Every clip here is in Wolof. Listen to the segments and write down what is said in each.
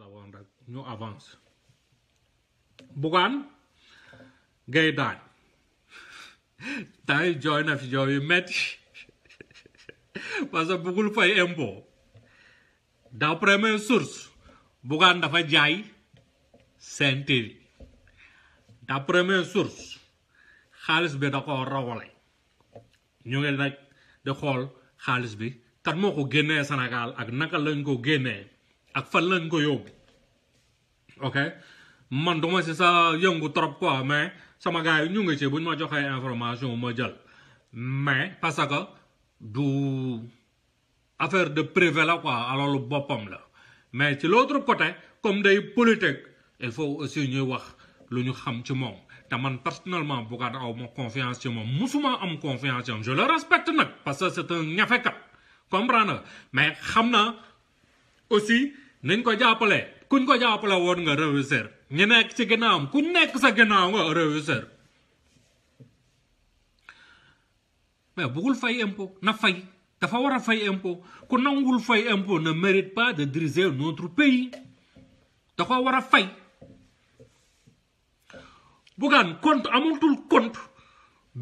la woon rek ñu avance Bougane gay Dany tay joy na fi joy yu metti parce que bugul fay impôt d'après mes sources Bougane dafa jaay senti yi d'après mes sources xaalis bi da ko rawale ñu ngel nak de xol xaliss bi tan moko ko Sénégal ak naka lañ ko génnee ak fan lañ ko ok man duma si sa yëngu trop quoi mais sama gars ñu ngi ci bu ñu ma e joxee information ma jël mais parce que du affaire de privé la quoi le bopam la mais ci l'autre côté comme des politique il faut aussi ñuy wax lu ñu xam ci mom te man personnellement Bougane aw ma confiance ci mom musuma am confiance ci je le respecte nak parce que c'est un ñafekat comprendre mais xamna aussi nañ ko jàppale kuñ ko jàppale woon nga réussir ñu nekk ci ginnaawam ku nekk sa ginnaaw nga réussir mais bugul fay impôt na fay dafa war a fay impôt ku nangul fay impôt na mérite pas de diriger notre pays da ko war a fay Bougane compte amatul compte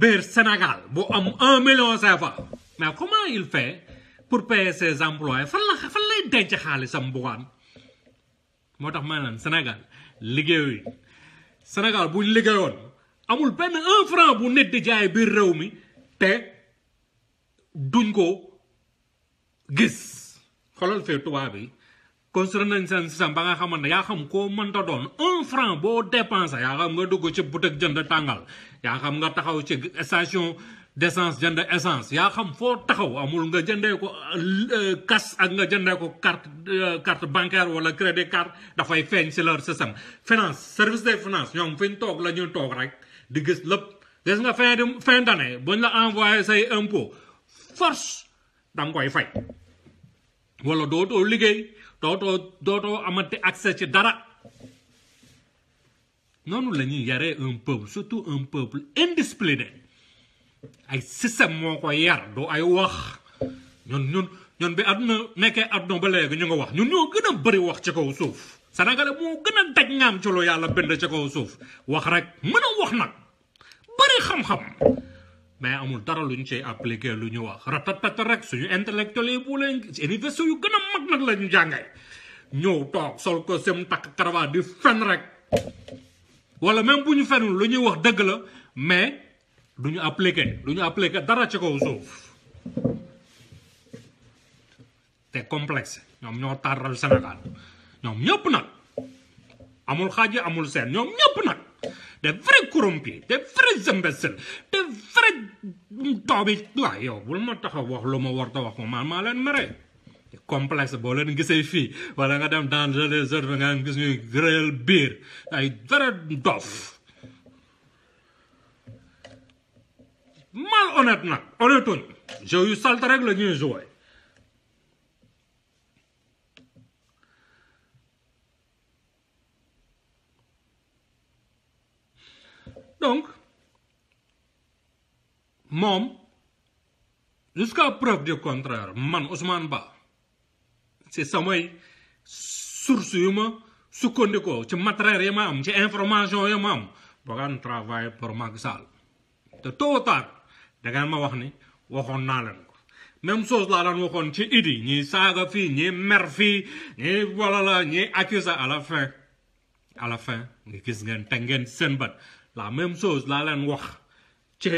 biir Sénégal bu am un million CFA mais comment il fait pour payer ses employés fan la denc xaalisam bugaan moo tax ma naan Sénégal liggéeyu Sénégal bu liggéeyoon amul benn un franc bu nit di jaay biir réew mi te duñ ko gis xoolal fee tubaab bi construire nañ seen système ba nga xamante ne yaa xam koo mënta doon un franc boo dépensé yaa xam nga dugg ci boutique jënd tàngal yaa xam nga taxaw ci station d'essence jënd essence yaa xam foo taxaw amul nga jëndee ko euh, euh, cash ak nga jëndee ko carte euh, carte bancaire wala crédit carte dafay feeñ si leur système finance service des finances ñoom fi ñu toog la ñuy toog rek di gis lépp gis nga fin de fin d'année bu ñu la envoyé say impôt force da nga koy fay wala dootoo liggéey dootoo dootoo amati accès ci dara noonu la ñuy yaree un peuple surtout un peuple indiscipliné ay système moo ko yar du ay wax ñun ñun ñun bi àdduna nekkee àdduna ba léegi ñu nga wax ñun ñoo gën a bëri wax ci kaw suuf Sénégalais moo gën a daj ngaam ci lu yàlla bind ci kaw suuf wax rek mën a wax nag bëri xam-xam mais amul dara lu ñu ci appliqué lu ñu wax ratatat rek suñu intellectuels yi bu leen université yu gën a mag nag la ñu jàngee ñëw toog sol ko sem takk karawaat di fen rek wala même bu ñu fenul lu ñuy wax dëgg la mais du ñu appliqué du ñu dara ci kaw te complexe ñoom ñoo taaral Sénégal ñoom ñëpp nag amul xaaji amul seen ñoom ñëpp nag des vrais corrompus des vrais imbéciles des vrais toobi waaw yow wul ma tax a wax lu ma warta wax ma maa leen mere complexe boo leen gisee fii wala nga dem dans les heures nga gis ñuy gréel biir ay vrai dof malhonnête nag honnêtuñ jeu yu salte rek la ñuy donc moom jusqu'à preuve du contraire man Ousmane Ba ci samay source yu ci matériel yi ma ci information yi ma am Bougane travaille pour Macky da nga ma wax ni waxoon naa leen ko même soos laa daan waxoon ci idi ñi saaga fii ñi mer fii ñi wala la ñi accuse à la fin à la ngeen teg seen bët la même soos laa leen wax ci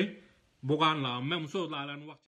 Bougane la même chose laa leen wax